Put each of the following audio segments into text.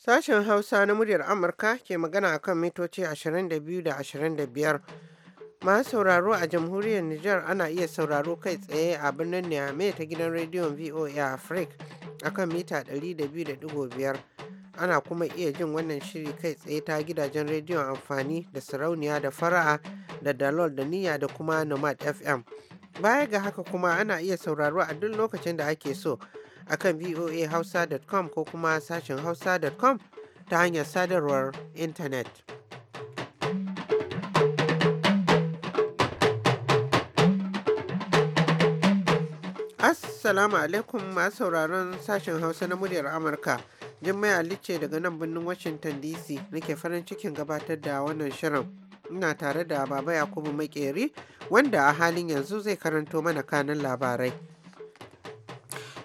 Sashen Hausa na muryar Amurka ke magana akan mitoci 22 da 25. Masu sauraro a jamhuriyar Nijar ana iya sauraro kai tsaye a birnin Niamey ta gidan rediyon VOA Africa akan mita 200.5. ana kuma iya jin wannan shiri kai tsaye ta gidajen rediyon amfani da sarauniya da fara'a da dalol da niyya da kuma nomad fm baya ga haka kuma ana iya sauraro a duk lokacin da ake so akan voahausa.com ko kuma sashen hausa.com ta hanyar sadarwar intanet. Assalamu alaikum masu sauraron sashen Hausa na muryar Amurka. Jummai Ali ce daga nan birnin Washington DC nake farin cikin gabatar da wannan shirin. Ina tare da Baba Yakubu Makeri wanda a halin yanzu zai karanto mana kanin labarai.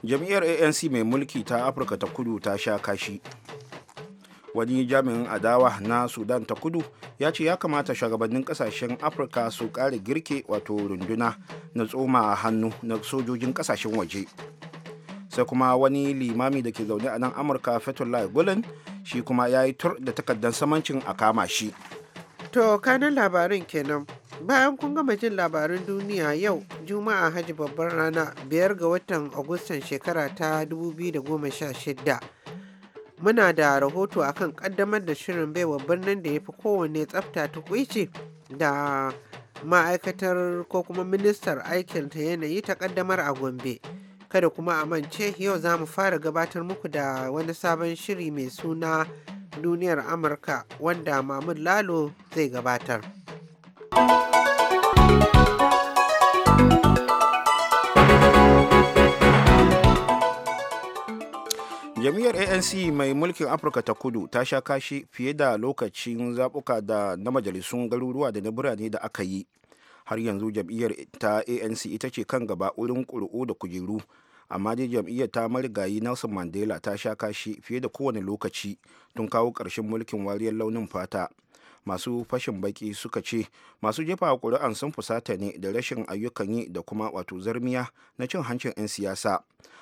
Jam'iyyar ANC mai mulki ta Afirka ta kudu ta sha kashi. Wani jami'in adawa na Sudan ta kudu ya ce ya kamata shugabannin kasashen Afirka su kare girke wato runduna na tsoma a hannu na sojojin kasashen waje. sai kuma wani limami da ke zaune a nan amurka fetullah gulen shi kuma ya yi tur da takardar samancin a kama shi to kanan labarin kenan bayan kun gama jin labarin duniya yau juma'a hajji babban rana biyar ga watan agustan shekara ta 2016 muna da rahoto akan kaddamar da shirin baiwa birnin da ya fi kowanne tsafta tukwici da ma'aikatar ko kuma ministar aikin ta yanayi ta kaddamar a gombe Kada kuma a mance yau za mu fara gabatar muku da wani sabon shiri mai suna duniyar Amurka wanda Mahmud Lalo zai gabatar. jam'iyyar anc mai mulkin afirka ta kudu ta sha kashi fiye da lokacin zaɓuka da na majalisun garuruwa da na birane da aka yi har yanzu jam'iyyar ta anc ita ce kan gaba wurin kuri'u da kujeru amma dai jam'iyyar ta marigayi nelson mandela ta sha kashi fiye da kowane lokaci tun kawo ƙarshen mulkin wariyar launin fata masu fashin baki suka ce masu jefa ƙuri'an sun fusata ne da rashin ayyukan yi da kuma wato zarmiya na cin hancin 'yan siyasa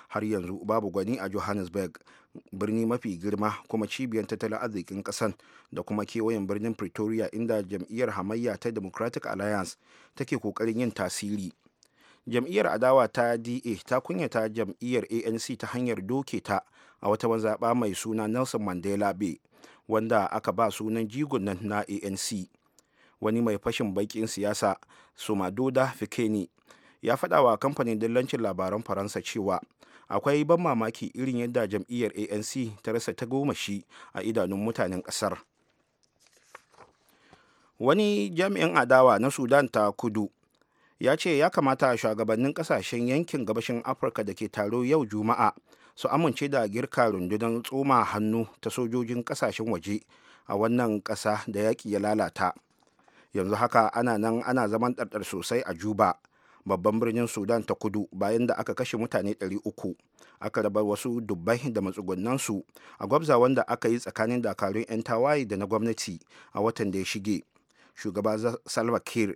har yanzu babu gwani a johannesburg birni mafi girma kuma cibiyar tattalin arzikin ƙasan da kuma kewayen birnin pretoria inda jam'iyyar hamayya ta democratic alliance take ƙoƙarin yin tasiri jam'iyyar adawa ta da ta kunyata jam'iyyar anc ta hanyar doke ta a wata wanzaba mai suna nelson mandela bay wanda aka ba sunan jigon nan na anc wani mai fashin bakin siyasa sumadoda fikeni ya faɗa wa kamfanin dillancin labaran faransa cewa akwai ban mamaki irin yadda jam'iyyar anc ta rasa ta goma shi a idanun mutanen ƙasar wani jami'in adawa na sudan ta kudu ya ce ya kamata shugabannin kasashen yankin gabashin afirka da ke taro yau juma'a su amince da girka rundunar tsoma hannu ta sojojin kasashen waje a wannan ƙasa da yaƙi ya lalata yanzu haka ana nan ana zaman ɗarɗar sosai a juba babban birnin sudan ta kudu bayan da aka kashe mutane 300 aka raba wasu dubbai da matsugunansu a gwabza wanda aka yi tsakanin dakarun 'yan tawaye da na gwamnati a watan da ya shige shugaba salva kiir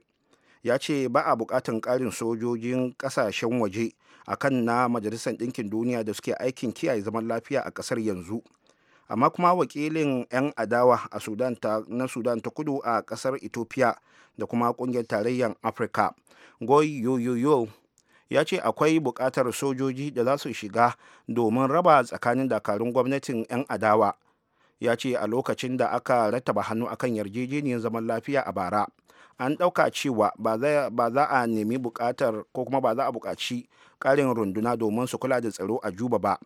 ya ce ba a bukatan karin sojojin kasashen waje a kan na majalisar ɗinkin duniya da suke aikin kiyaye zaman lafiya a ƙasar yanzu amma kuma wakilin 'yan adawa a sudan ta, na sudan ta kudu a ƙasar ethiopia da kuma ƙungiyar tarayyar afirka goy yoyoyo ya ce akwai bukatar sojoji da za su shiga domin raba tsakanin dakarun gwamnatin 'yan adawa ya ce a lokacin da aka rattaba hannu akan yarjejeniyar zaman lafiya a bara an ɗauka cewa ba za a nemi buƙatar ko kuma ba za a buƙaci ƙarin runduna domin su kula da tsaro a juba ba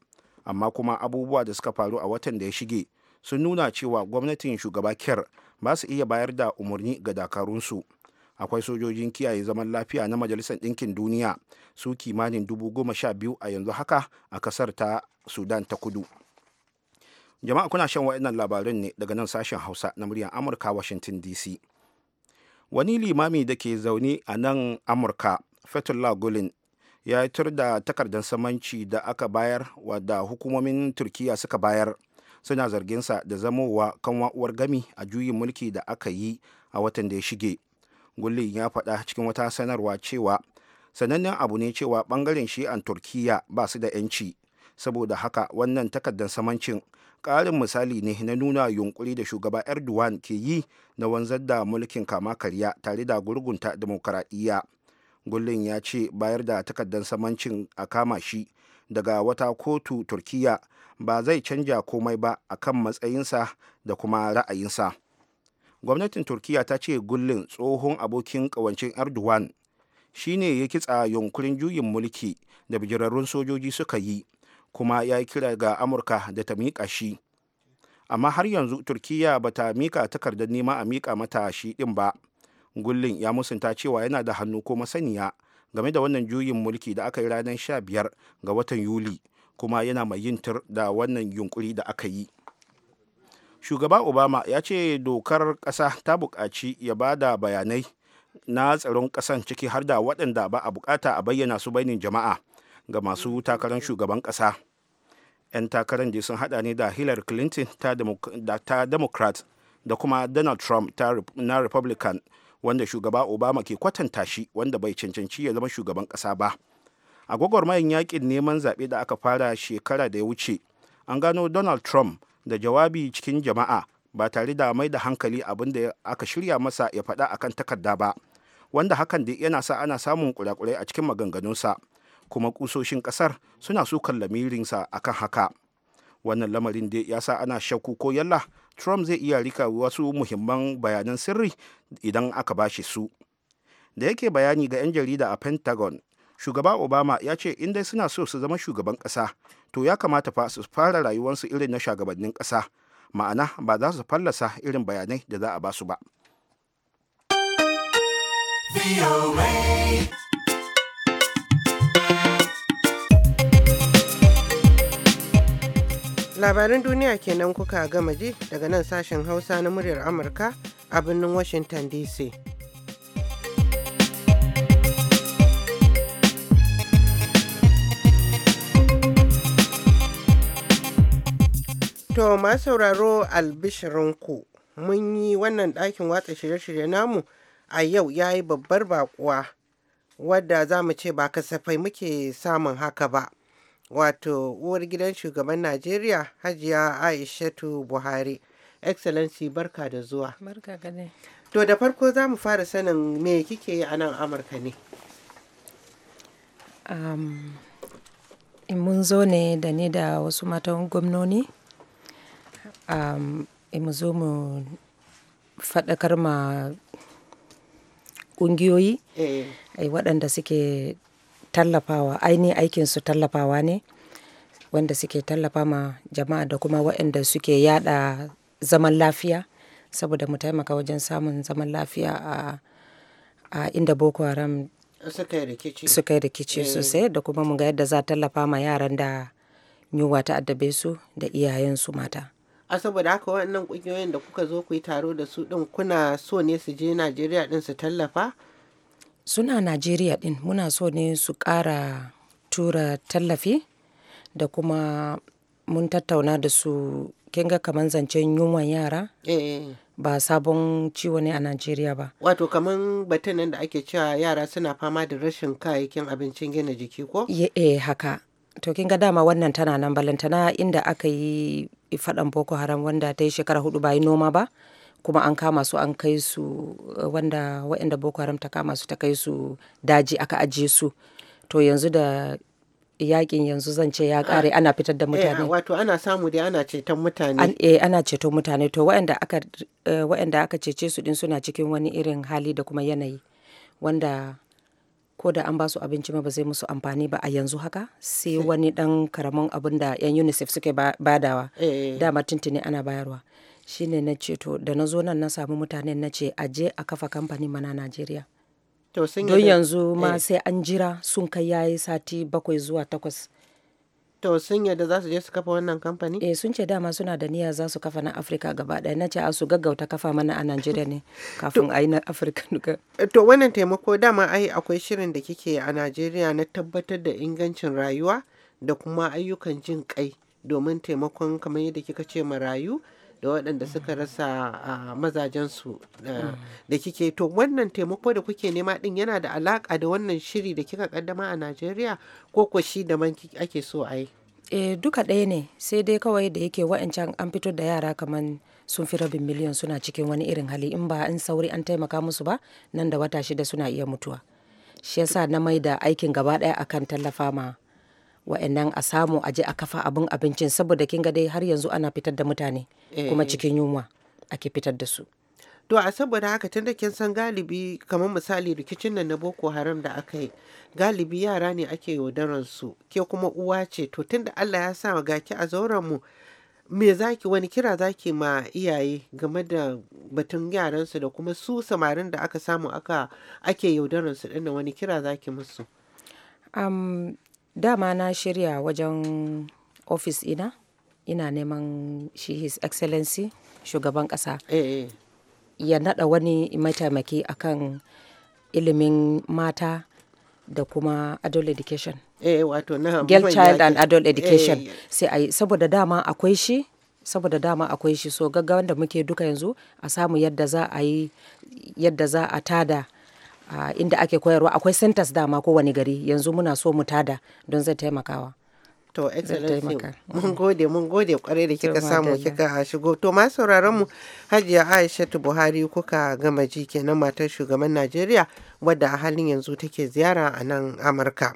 amma kuma abubuwa da suka faru a watan da ya shige sun nuna cewa gwamnatin shugaba kyar ba su iya bayar da umarni ga dakarunsu akwai sojojin kiyaye zaman lafiya na majalisar ɗinkin duniya su kimanin dubu goma sha biyu a yanzu haka a kasar ta sudan ta kudu jama'a kuna shan waɗannan labarin ne daga nan sashen hausa na muryar amurka washington dc wani limami da ke zaune a nan amurka fetullah gulin ya tur da takardar samanci da aka bayar wadda hukumomin turkiya suka bayar suna zarginsa da zamowa kan wa'uwar gami a juyin mulki da aka yi a watan da ya shige gullin ya faɗa cikin wata sanarwa cewa sanannen abu ne cewa ɓangaren shi'an turkiya ba su da 'yanci saboda haka wannan takardar samancin ƙarin misali ne na nuna yunkuri da shugaba erdogan ke yi na wanzar da mulkin kama karya tare da gurgunta demokaradiyya gullin ya ce bayar da takardar samancin a kama shi daga wata kotu turkiya ba zai canja komai ba a kan matsayinsa da kuma ra'ayinsa gwamnatin turkiya ta ce gullin tsohon abokin ƙawancin erdogan shine ya kitsa yunkurin juyin mulki da bijirarrun sojoji suka yi kuma ya yi kira ga amurka da ta miƙa shi amma har yanzu turkiya ba ta miƙa takardar nema a miƙa mata shi ɗin ba gullin ya musunta cewa yana da hannu ko masaniya game da wannan juyin mulki da aka yi ranar sha biyar ga watan yuli kuma yana mai yin tur da wannan yunkuri da aka yi shugaba obama ya ce dokar ƙasa ta buƙaci ya ba da bayanai na tsaron ƙasan ciki har da waɗanda ba a buƙata a bayyana su bainin jama'a ga masu takarar shugaban ƙasa 'yan takarar sun hada ne da hillary clinton ta democrat da kuma donald trump na republican wanda shugaba obama ke kwatanta shi wanda bai cancanci ya zama shugaban ƙasa ba a mayan yakin neman zaɓe da aka fara shekara da ya wuce an gano donald trump da jawabi cikin jama'a ba tare da mai da hankali abin da aka shirya masa ya faɗa akan takarda ba wanda hakan da yana sa ana samun kurakurai a cikin maganganunsa kuma kusoshin kasar suna sukan lamirinsa kan haka wannan lamarin dai ya sa ana shakku ko yalla trump zai iya rika wasu muhimman bayanan sirri idan aka ba shi su da yake bayani ga 'yan jarida a pentagon shugaba obama ya ce in dai suna so su zama shugaban kasa to ya kamata fa su fara rayuwarsu irin na shugabannin kasa ma'ana ba za su fallasa irin bayanai da za a ba su ba. Labaran duniya kenan kuka gama ji daga nan sashen Hausa na muryar Amurka a birnin Washington DC. To masu sauraro albishirinku mun yi wannan ɗakin watsa shirye-shirye namu a yau ya yi babbar bakuwa wadda za mu ce ba kasafai muke samun haka ba. wato uwar gidan shugaban najeriya hajiya aishatu buhari excellency barka da zuwa barka to da farko za mu fara sanin me kike yi a nan amurka ne um, mun zo ne da ni da wasu matan gwamnoni um, mu zo mu faɗakar ma ƙungiyoyi eh. eh waɗanda suke tallafawa ainihin aikinsu tallafawa ne wanda suke tallafa ma jama'a da kuma waɗanda suke yada zaman lafiya saboda mu taimaka wajen samun zaman lafiya a, a inda boko haram suka yi rikici eh. sosai da kuma mu ga yadda za tallafa ma yaran da yiwuwa ta addabe su da iyayen su mata. a saboda haka waɗannan ƙungiyoyin da kuka zo ku yi taro da su ɗin kuna so ne su je najeriya ɗin su tallafa suna Najeriya din muna so ne su kara tura tallafi da kuma mun tattauna da su kin ga kaman zancen yunwan yara eh, eh, eh. ba sabon ciwo ne a Najeriya ba. Wato kaman batun nan da ake cewa yara suna fama da rashin kayayyakin abincin gina jiki ko? Eh haka. To kin dama wannan tana nan balantana inda aka yi faɗan Boko Haram wanda ta yi shekara hudu ba yi noma ba. kuma an kama su an kai su eh, wanda waɗanda boko haram ta kama su ta kai su daji aka ajiye su to yanzu da yakin yanzu zan ce ya kare ah, ana fitar da eh, mutane wato ana samu dai ana ceton mutane eh ana ceton mutane to waɗanda aka eh, waɗanda aka cece su din suna cikin wani irin hali da kuma yanayi wanda ko da an ba su abinci ma ba zai musu amfani ba a yanzu haka sai wani dan karamin abin da yan unicef suke badawa eh, dama tuntuni ana bayarwa shine na ce to da na zo nan na samu mutane na ce a je a kafa kamfani mana najeriya don yanzu ma eh. sai an jira sun kai yayi sati bakwai zuwa takwas to sun yadda za su je su kafa wannan kamfani? eh sun ce dama suna da niyya za su kafa na afirka gaba ɗaya na ce a su gaggauta kafa mana a najeriya ne kafin a yi na afirka duka to wannan taimako dama ai akwai shirin da kike a najeriya na tabbatar da ingancin rayuwa da kuma ayyukan jin kai domin taimakon kamar yadda kika ce marayu da waɗanda mm. suka rasa a mazajensu mm. da kike to wannan taimako da kuke nema din yana da alaƙa da wannan shiri da kika kaddama a najeriya ko ko shi da man ake so a yi e duka ɗaya ne sai dai kawai da yake wa'ancan an fito da yara kamar sun fi rabin miliyan suna cikin wani irin hali in ba in sauri an taimaka musu ba nan da wata shida suna iya mutuwa shi yasa na mai da aikin gaba ɗaya akan tallafa ma wa'annan a samu a je a kafa abin abincin saboda kin ga dai har yanzu ana fitar da mutane kuma eh. cikin yunwa ake fitar da su to a saboda haka tun da kin san galibi kamar misali rikicin nan na boko haram da aka yi galibi yara ne ake yaudaran su ke kuma uwa ce to tun da Allah ya sa gaki a zauren mu me zaki wani kira zaki ma iyaye game da batun yaran su da kuma su samarin da aka samu aka ake yaudaran su wani kira zaki musu um, Dama na shirya wajen ofis ina, ina neman shi His Excellency shugaban kasa eh, eh. Ya naɗa wani mataimaki akan ilimin mata da kuma adult education. Eh wato Girl child and adult education. Eh, saboda dama akwai shi saboda dama akwai shi so gaggawan da muke duka yanzu a samu yadda za a yi yadda za a tada a inda ake koyarwa akwai centers dama kowane gari yanzu muna so mu tada don zai taimakawa to excellency mun mm-hmm. gode mun gode kwarai da kika samu kika shigo to ma sauraron mu hajiya aishatu buhari kuka gama ji kenan matar shugaban najeriya wadda a halin yanzu take ziyara a nan amurka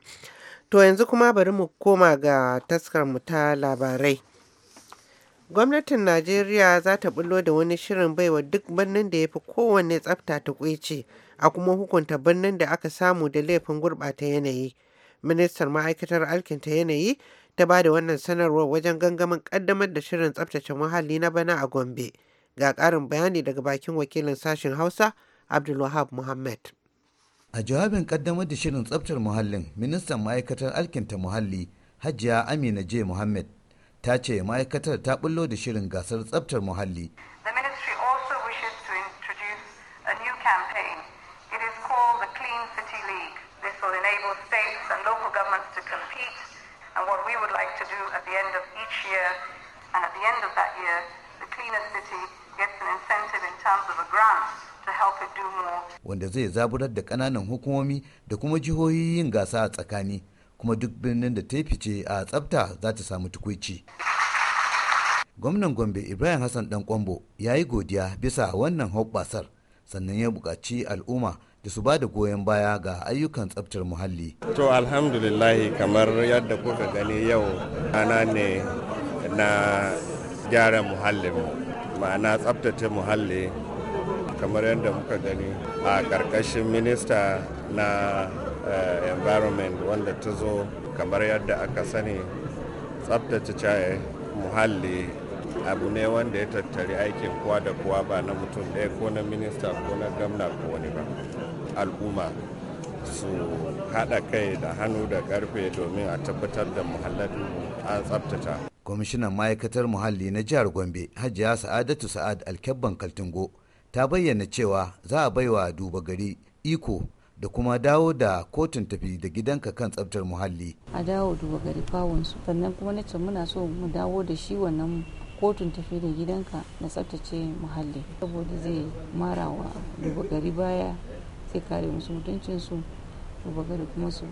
to yanzu kuma bari mu koma ga taskar mu ta labarai gwamnatin najeriya za ta bullo da wani shirin baiwa duk birnin da ya fi kowanne tsafta ta kwece a kuma hukunta birnin da aka samu da laifin gurɓata yanayi. Ministan ma'aikatar alkinta yanayi ta ba da wannan sanarwar wajen gangamin ƙaddamar da shirin tsabtace muhalli na bana a Gombe. Ga ƙarin bayani daga bakin wakilin sashen Hausa, Abdulwahab Muhammad. A jawabin ƙaddamar da shirin tsaftar muhallin, ministan ma'aikatar alkinta muhalli, Hajiya Amina J. Muhammad, ta ce ma'aikatar ta bullo da shirin gasar tsabtar muhalli. It is called the Clean City League. This will enable states and local governments to compete. And what we would like to do at the end of each year, and at the end of that year, the cleaner city gets an incentive in terms of a grant wanda zai zaburar da ƙananan hukumomi da kuma jihohi yin gasa a tsakani kuma duk birnin da ta fice a tsafta za ta samu tukuici. gwamnan gombe ibrahim hassan dan kwambo ya yi godiya bisa wannan hoɓɓasar sannan ya buƙaci al'umma da su ba da goyon baya ga ayyukan tsabtar muhalli. To alhamdulillahi kamar yadda kuka gani yau ana ne na gyara muhallin ma'ana tsabtace muhalli kamar yadda muka gani a ƙarƙashin minista na eh, environment wanda ta zo kamar yadda aka sani tsabtace muhalli abu ne wanda ya tattari aikin kowa da kowa ba na mutum ɗaya ko na minista ko na gamna ko wani ba al'umma su haɗa kai da hannu da ƙarfe domin a tabbatar da muhalladin an tsabtata. kwamishinan ma'aikatar muhalli na jihar gombe hajiya sa'adatu sa'ad alkyabban kaltingo ta bayyana cewa za a baiwa duba gari iko da kuma dawo da kotun tafi da gidanka kan tsabtar muhalli a dawo duba gari fawon su sannan kuma na muna so mu dawo da shi wannan kotun tafi da gidanka na tsabtace muhalli saboda zai mara wa gari baya sai kare musu mutuncinsu su gari kuma su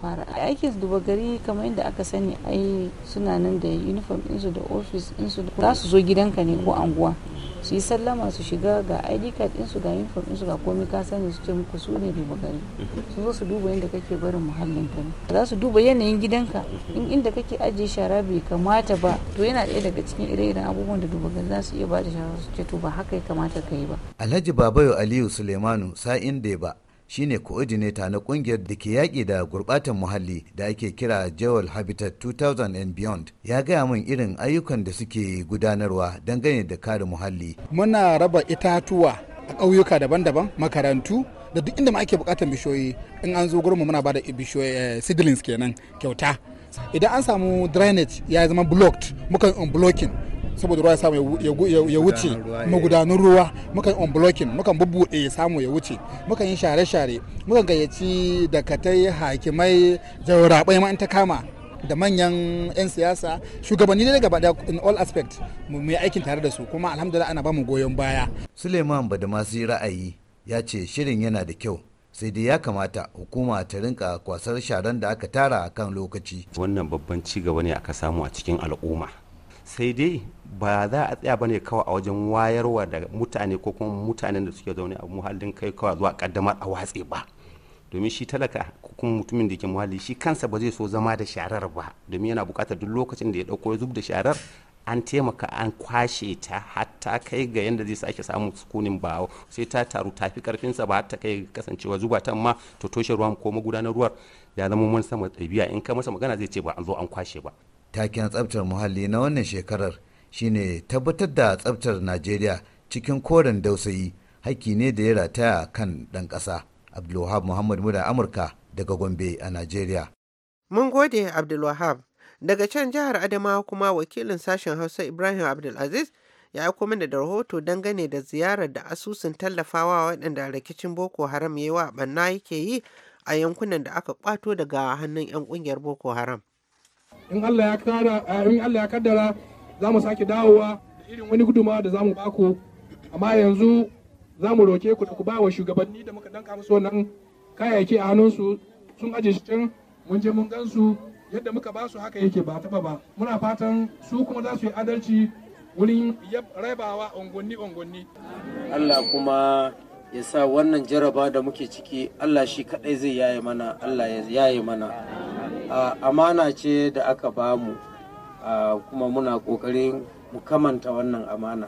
fara aikin duba gari kamar yadda aka sani ai suna nan da uniform insu da office ɗinsu za su zo gidanka ne ko anguwa su yi sallama su shiga ga id card insu ga uniform insu ga komai ka sani su ce muku su ne duba gari su zo su duba yadda kake barin muhallin ka za su duba yanayin gidanka in inda kake ajiye shara bai kamata ba to yana ɗaya daga cikin ire-iren abubuwan da duba gari za su iya ba da shara su ce to ba haka ya kamata ka yi ba alhaji babayo aliyu suleimanu sa'in da ba shine coordinator na kungiyar da ke yaƙi da gurɓatan muhalli da ake kira Jewel Habitat 2000 and Beyond ya gaya min irin ayyukan da suke gudanarwa dangane da kare muhalli. Muna raba itatuwa a ƙauyuka daban-daban makarantu da duk inda ma ake buƙatar bishiyoyi in an zo gurinmu muna bada bishoyi eh, seedlings kenan kyauta idan an samu drainage ya zama blocked mukan unblocking saboda ruwa ya samu ya wuce magudanun ruwa mukan eh. on blocking mukan bubbuɗe ya samu ya wuce mukan yi share-share mukan gayyaci dakatai hakimai jawarabai ma in ta kama da manyan 'yan siyasa shugabanni da gaba da in all aspect mu yi aikin tare da su kuma alhamdulillah ana ba mu goyon baya suleiman badamasi ra'ayi ya ce shirin yana da kyau sai dai ya kamata hukuma ta rinka kwasar sharan da aka tara kan lokaci wannan babban ci gaba ne aka samu a cikin al'umma sai dai ba za a tsaya bane kawai a wajen wayarwa da mutane ko kuma mutanen da suke zaune a muhallin kai kawai zuwa kaddamar a watse ba domin shi talaka ko kuma mutumin da ke muhalli shi kansa ba zai so zama da sharar ba domin yana bukatar duk lokacin da ya dauko ya zub da sharar an taimaka an kwashe ta hatta kai ga yanda zai sake samun sukunin ba sai ta taru tafi karfinsa ba hatta kai kasancewa zuba ta ma to toshe ruwan ko magudanar ruwar ya zama mun sama ɗabi'a in ka masa magana zai ce ba an zo an kwashe ba taken tsabtar muhalli na wannan shekarar shine tabbatar da tsabtar najeriya cikin koren dausayi haƙƙi ne da ya rataya kan ɗan ƙasa abdulwahab muhammad muda amurka daga gombe a najeriya mun gode abdulwahab daga can jihar adamawa kuma wakilin sashen hausa ibrahim abdulaziz ya aiko mana da rahoto dangane da ziyarar da asusun tallafawa waɗanda rikicin boko haram ya yi wa banna yake yi a yankunan da aka kwato daga hannun 'yan ƙungiyar boko haram in Allah ya kara eh, in Allah ya kaddara za mu sake dawowa da irin wani guduma da za mu baku amma yanzu za mu roke ku da ku ba shugabanni da muka danka musu wannan kayayyaki a hannunsu sun aje shi can mun je mun gansu yadda muka ba su haka yake ba taba ba muna fatan su kuma za su yi adalci wurin rabawa ungwanni ungwanni Allah kuma ya sa wannan jaraba da muke ciki Allah shi kadai zai yaye mana Allah ya yaye mana amana ce da aka bamu kuma muna ƙoƙarin mu kamanta wannan amana.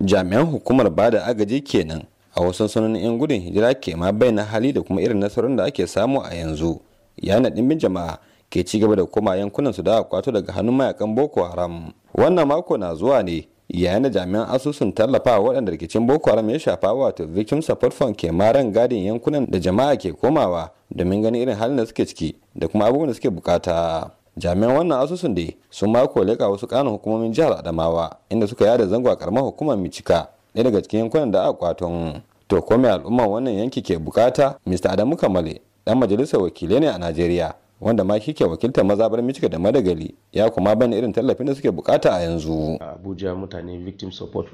jami'an hukumar bada agaji kenan a wasu sanonin 'yan gudun hijira ke ma na hali da kuma irin nasarar da ake samu a yanzu na ɗimbin jama'a ke ci gaba da koma yankunan su da kwato daga hannun mayakan boko haram wannan mako na zuwa ne yayin da jami'an asusun tallafa waɗanda rikicin boko haram ya shafa wato victim support fund ke maran gadin yankunan da jama'a ke komawa domin ganin irin halin da suke ciki da kuma abubuwan da suke bukata jami'an wannan asusun da sun mako leka wasu kanan hukumomin jihar adamawa inda suka yada zango a karamar hukumar micika ɗaya daga cikin yankunan da aka kwaton to kome al'umman wannan yanki ke bukata mr adamu kamale dan majalisar wakilai ne a najeriya wanda ma kike ke wakiltar mazabar michigan da madagali ya kuma bani irin tallafin da suke bukata a yanzu abuja mutane victim support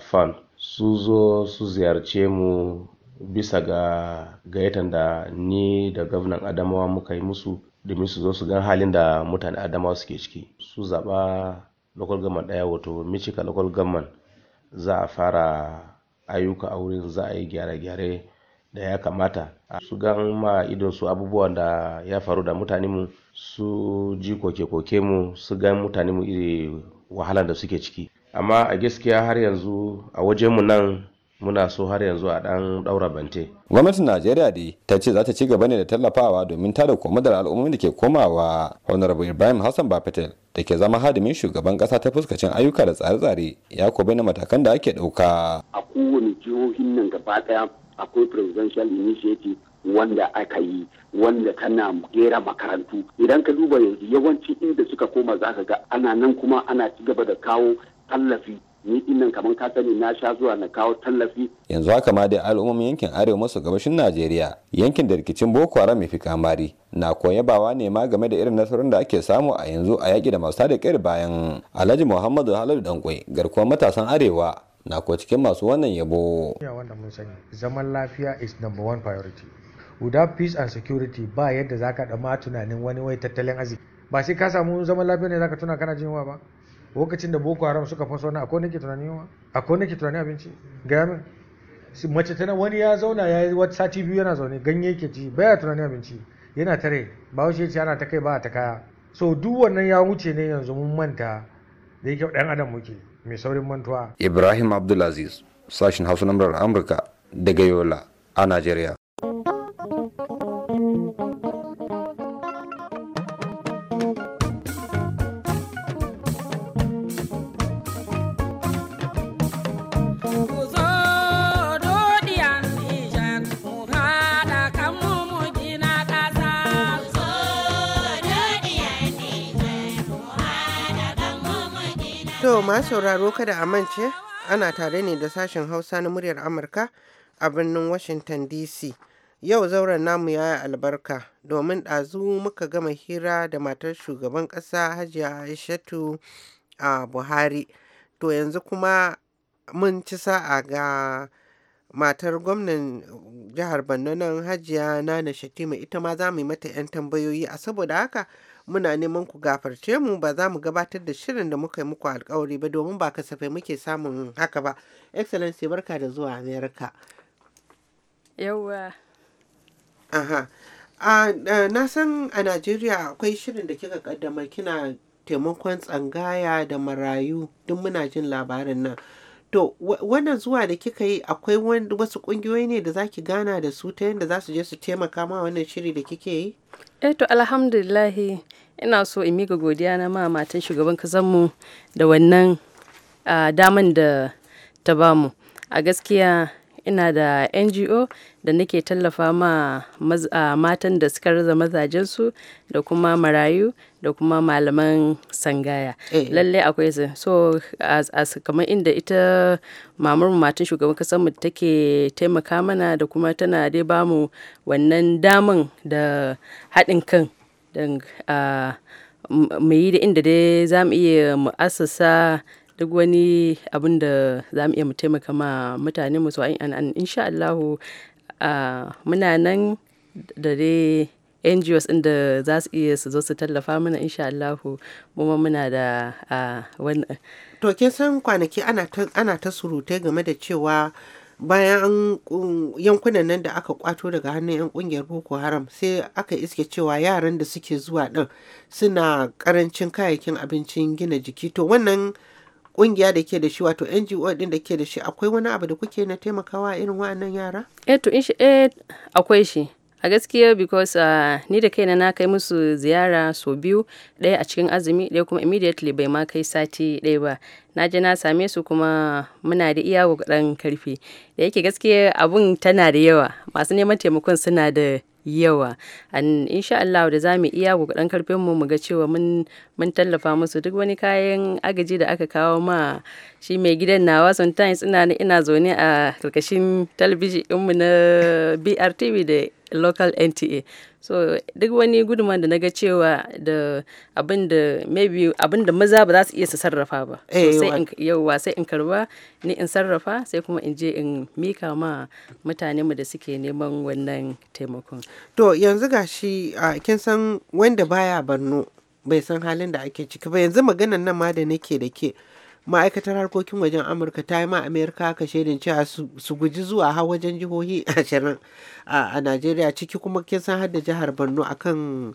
fund su zo su ziyarce mu bisa ga gayyatan da ni da gwamnan adamawa muka yi musu domin su zo su gan halin da mutane adamawa suke ciki su zaba local government daya wato michigan local government za a fara ayyuka a wurin za a yi gyare-gyare da ya kamata su gan ma idon su abubuwan da ya faru da mutane mu su ji koke-koke mu su gan mutane mu iri wahala da suke ciki amma a gaskiya har yanzu a waje mu nan muna so har yanzu a dan daura bante gwamnatin najeriya dai ta ce za ta ci gaba ne da tallafawa domin ta da al'ummomin da ke komawa honorable ibrahim hassan bafetel da ke zama hadimin shugaban kasa ta fuskacin ayyuka da tsare-tsare ya ko na matakan da ake dauka a kowane jihohin nan gaba daya akwai presidential initiative wanda aka yi wanda tana gera makarantu idan ka duba yanzu yawanci inda suka koma za ka ga ana nan kuma ana ci gaba da kawo tallafi ni dinnan kamar ka sani na sha zuwa na kawo tallafi yanzu haka ma dai al'ummomin yankin arewa maso gabashin najeriya yankin da rikicin boko haram ya fi kamari na koya bawa ne ma game da irin nasarar da ake samu a yanzu a yaƙi da masu tada bayan alhaji muhammadu halalu dankwai garkuwar matasan arewa na kuwa cikin masu wannan yabo. wanda mun sani zaman lafiya is number one priority. Without peace and security ba yadda za ka ɗama tunanin wani wai tattalin arziki. Ba sai ka samu zaman lafiya ne za ka tuna kana jin yunwa ba. Lokacin da Boko Haram suka faso na akwai nake tunanin yunwa, akwai nake tunanin abinci. Gaya min. Mace tana wani ya zauna ya yi wata sati biyu yana zaune ganye ke ci baya tunanin abinci yana tare ba wuce ce ana ta kai ba ta kaya. So duk wannan ya wuce ne yanzu mun manta da yake dan adam muke. mai saurin mantuwa ibrahim abdulaziz sashen hausa na amurka daga yola a najeriya To ma sauraro kada a mance ana tare ne da sashen Hausa na muryar Amurka a birnin Washington DC. Yau zauren namu ya yi albarka domin ɗazu muka gama hira da matar shugaban ƙasa Hajiya Aishatu a Buhari. To yanzu kuma mun ci sa'a ga matar gwamnan jihar Borno nan Hajiya Nana Shatima ita ma za mu yi mata 'yan tambayoyi a saboda haka muna neman ku gafarce mu ba za mu gabatar da shirin da muka yi muku alkawari ba domin ba kasafai muke samun haka ba excellency barka da zuwa america yawwa aha na san a najeriya akwai shirin da kika kaddama kina taimakon tsangaya da marayu duk muna jin labarin nan To, wannan zuwa da kika yi akwai wasu ƙungiyoyi ne da za ki gana da su ta yadda za su je su taimaka ma wannan shiri da kike yi? Eh to, alhamdulillahi ina so in miƙa godiya na ma matan shugaban mu da wannan ah, daman da ta bamu. A gaskiya ina da ngo da nake tallafa ma matan da suka raza mazajensu da kuma marayu da kuma malaman sangaya eh, eh. lalle akwai su so as kamar inda ita mamar matan shugaban kasar mu take taimaka mana da kuma tana dai bamu wannan daman da haɗin kan mu yi da inda dai za mu iya mu asasa duk wani abin da za mu iya mu taimaka ma mutane mu yin an insha Allahu muna nan da dai NGOs ɗin za su iya su zo su tallafa mana insha Allahu kuma muna da wannan. To kin san kwanaki ana ta surutai game da cewa bayan yankunan nan da aka kwato daga hannun 'yan kungiyar boko haram sai aka iske cewa yaran da suke zuwa din suna karancin kayayyakin abincin gina jiki to wannan kungiya da ke da shi wato NGO din da ke da shi akwai wani abu da kuke na taimakawa irin wa'annan yara? Eh to eh akwai shi. A gaskiya because uh, ni da kaina na kai musu ziyara so biyu ɗaya a cikin azumi ɗaya kuma immediately bai ma kai sati ɗaya ba na je na same su kuma muna da iya ɗan karfi da yake gaskiya abun tana da yawa masu neman taimakon suna da yawa insha Allah da zamu iya dan karfin mu mu ga cewa mun mun tallafa musu duk wani kayan agaji da aka kawo ma shi mai gidan nawa sometimes ina ina zaune a karkashin talabijin mu na BRTV da local NTA so duk wani gudunman da naga cewa da abin da maybe abin da maza ba za su iya su sarrafa ba eh, sai yauwa sai in karba ni in sarrafa sai kuma in je in mika ma mutane mu da suke neman wannan taimakon to yanzu gashi kin san wanda baya barno bai san halin da ake ciki ba yanzu maganan nan ma da nake da ke ma'aikatar harkokin wajen amurka ta yi ma amerika ka shaidin cewa su guji zuwa har wajen jihohi ashirin a najeriya ciki kuma kin san har da jihar borno akan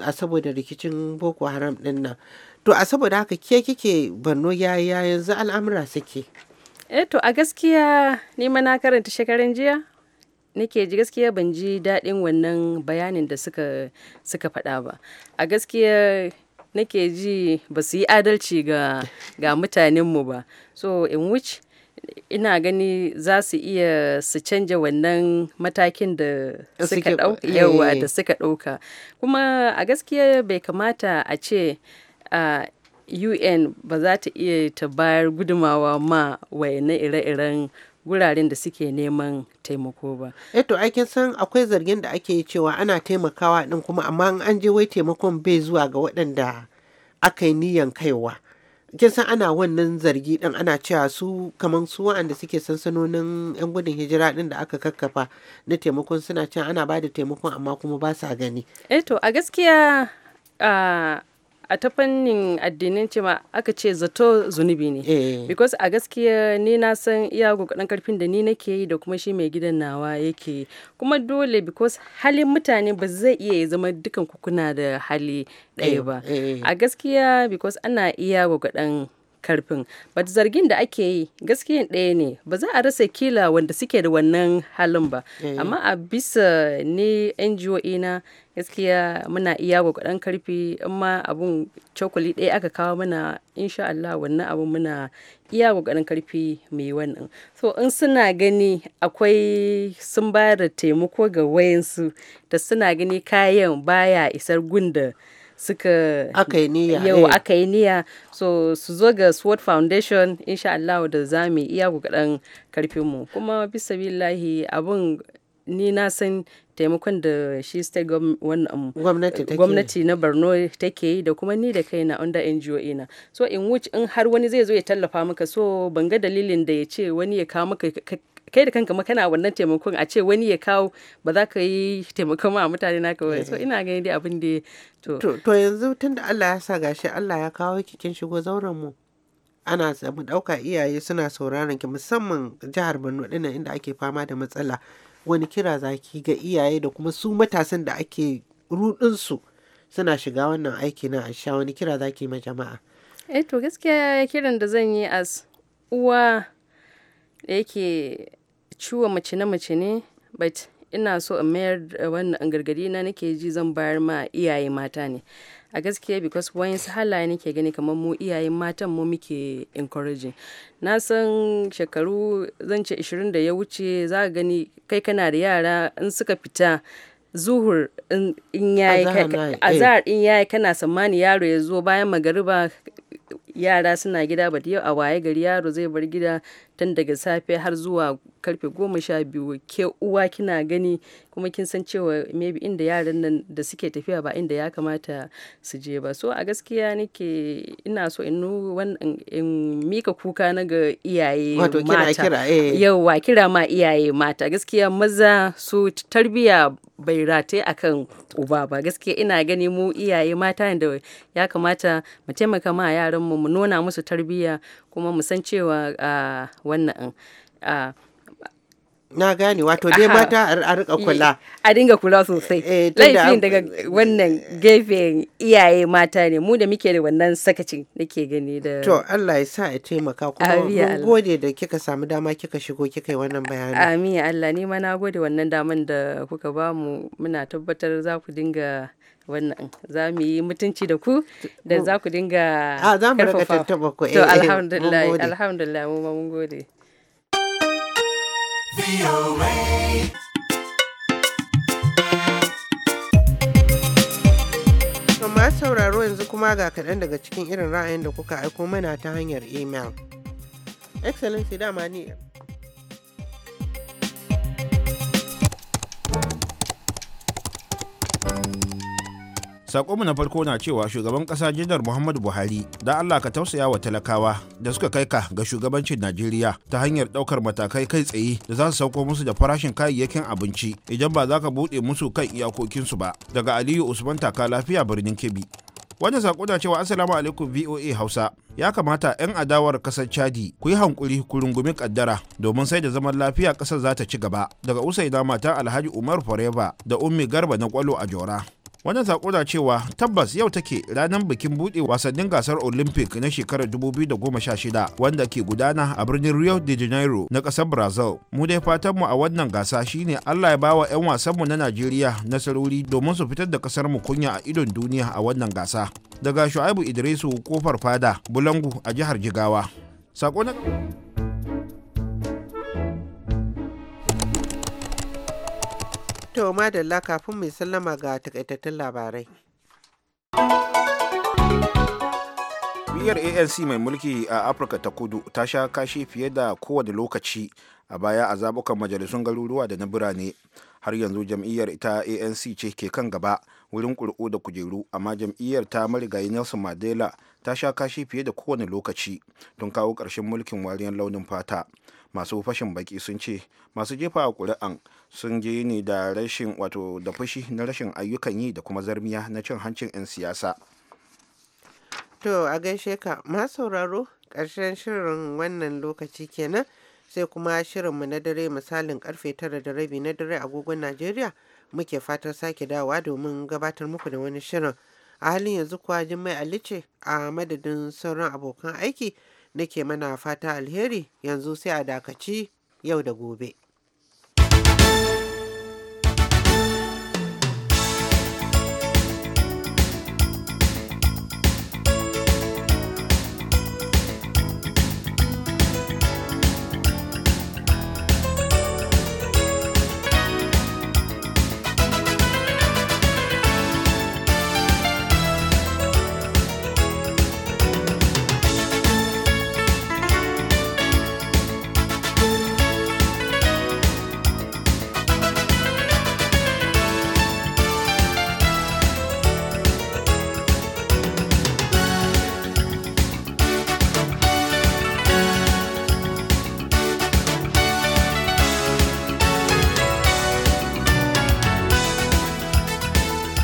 a saboda rikicin boko haram din nan to a saboda haka ke kike borno ya yanzu al'amura suke eh to a gaskiya ni na karanta shekarun jiya nake ji gaskiya ban ji daɗin wannan bayanin da suka suka faɗa ba a gaskiya nake ji ba su yi adalci ga ga mutanenmu ba so in which ina gani za su iya su canja wannan matakin da suka dauka yawa da suka eh. dauka kuma a gaskiya bai kamata a ce a un ba za ta iya ta bayar gudumawa ma wayannan ire-iren Wuraren da suke neman taimako ba. Eto eh ake san akwai zargin da ake cewa ana taimakawa ɗin kuma amma an je wai taimakon bai zuwa ga waɗanda aka yi niyan kaiwa. kin san ana wannan zargi din ana cewa su kamar su waɗanda suke sansanonin yan gudun hijira ɗin da aka kakkafa na taimakon suna cewa ana ba da taimakon amma kuma ba sa gani. Eto eh a gaskiya ah, a ta fannin addinin cewa aka ce zato zunubi ne eh. because a gaskiya ni na san iya kokarin karfin da ni nake yi da kuma shi mai gidan nawa yake kuma dole because halin mutane ba zai iya ya zama dukan kukuna da hali ɗaya eh, ba eh, a gaskiya because ana iya kokarin karfin but zargin da ake yi gaskiyan ɗaya ne ba za a rasa kila wanda suke da wannan halin ba eh, eh. amma a bisa ne ngo na gaskiya muna iya gwagwadon karfi amma abun cokali ɗaya aka kawo mana insha Allah wannan abun muna iya gwagwadon karfi mai wannan so in suna gani akwai sun bayar da taimako ga wayansu da suna gani kayan baya isar gunda suka yau eh. aka yi niyya so su zo ga sword foundation insha Allah da za mu iya kokarin karfin mu kuma bisa billahi abun ni na san taimakon da shi state um, gwamnati na borno take yi da kuma ni da kai na under ngo ina so in which in har wani zai zo ya tallafa maka so ban ga dalilin da ya ce wani ya kawo maka kai da kanka ma kana wannan taimakon a ce wani ya kawo ba za ka yi taimakon ma mutane naka ba so ina ganin dai abin da to to yanzu tunda Allah ya sa gashi Allah ya kawo ki kin shigo zauren mu ana samu dauka iyaye suna sauraron ki musamman jihar Borno dinnan inda ake fama da matsala wani kira zaki ga iyaye da kuma su matasan da ake rudin su suna shiga wannan aiki na asha wani kira zaki ma jama'a eh to gaskiya kiran da zan yi as uwa da yake ciwo mace na mace ne but ina so in mayar da wannan gargadi na nake ji zan bayar ma iyaye mata ne a gaskiya because wayansu halaye nake gani kamar mu iyayen matan mu muke encouraging na san shekaru zan ce 20 da ya wuce za ka gani kai kana da yara in suka fita zuhur in yayi eh. in yayi kana tsammani yaro ya zo bayan magariba yara suna gida ba yau a waye gari yaro zai bar gida tun daga safe har zuwa karfe goma sha biyu ke uwa kina gani kuma kin san cewa maybe inda yaran nan da suke tafiya ba inda ya kamata su je ba so a gaskiya nake ina so in wannan mika kuka na ga iyaye mata eh. yauwa kira ma iyaye mata gaskiya maza su tarbiya bai rataye akan uba ba gaskiya ina gani mu iyaye mata da ya kamata mu taimaka ma yaran mu mu nuna musu tarbiyya kuma mu san cewa wannan na gane wato dai mata a rika kula a dinga kula sosai eh, laifin daga wannan gefen iyaye mata ne mu da muke da wannan sakacin nake gani da to Allah ya sa ya taimaka kuma mun gode da kika samu dama kika shigo kika yi wannan bayani amin Allah ni ma na gode wannan daman da kuka ba mu muna tabbatar za ku dinga wannan za mu yi mutunci da ku da za ku dinga a za mu ku to eh, alhamdulillah alhamdulillah mu ma mun gode ma sauraro yanzu kuma ga kaɗan daga cikin irin ra'ayin da kuka aiko mana ta hanyar email excellency dama ni Sakonmu na farko na cewa shugaban kasa janar Muhammadu Buhari da Allah ka tausaya wa talakawa da suka kai ka ga shugabancin Najeriya ta hanyar daukar matakai kai tsaye da za su sauko musu da farashin kayayyakin abinci idan ba za ka buɗe musu kan iyakokinsu ba. Daga Aliyu Usman Taka lafiya birnin Kebbi. wanda sako na cewa Assalamu alaikum VOA Hausa. Ya kamata 'yan adawar kasar Chadi ku yi hankuri ku rungumi kaddara domin sai da zaman lafiya kasar za ta ci gaba. Daga Usaina mata Alhaji Umar Forever da Ummi Garba na kwalo a Jora. wannan sako da cewa tabbas yau take ranar bikin buɗe wasannin gasar olympic na shekarar 2016 wanda ke gudana a birnin rio de janeiro na ƙasar brazil mu dai fatanmu a wannan gasa shine allah ya bawa 'yan wasanmu na najeriya nasarori domin su fitar da ƙasar mu kunya a idon duniya a wannan gasa daga shu'aibu idrisu kofar fada bulangu a jihar jigawa To madalla kafin mai sallama ga takaitattun labarai. jam'iyyar anc mai mulki a afirka ta kudu ta sha kashi fiye da kowane lokaci a baya a zabukan majalisun garuruwa da na birane har yanzu jam'iyyar ita anc ce ke kan gaba wurin ƙuri'u da kujeru amma jam'iyyar ta marigayi nelson mandela ta sha kashi fiye da kowane lokaci don kawo ƙarshen mulkin wariyar launin fata masu fashin baki sun ce masu jefa ƙuri'an sun ji ne da rashin wato da fushi na rashin ayyukan yi da kuma zarmiya na cin hancin 'yan siyasa to a gaishe ka ma sauraro ƙarshen shirin wannan lokaci kenan sai kuma shirinmu na dare misalin karfe tara da rabi na dare agogon najeriya muke fatar sake dawa domin gabatar muku da wani shirin a halin yanzu kuwa jimmai alice a madadin sauran abokan aiki nake mana fata alheri yanzu sai a dakaci yau da gobe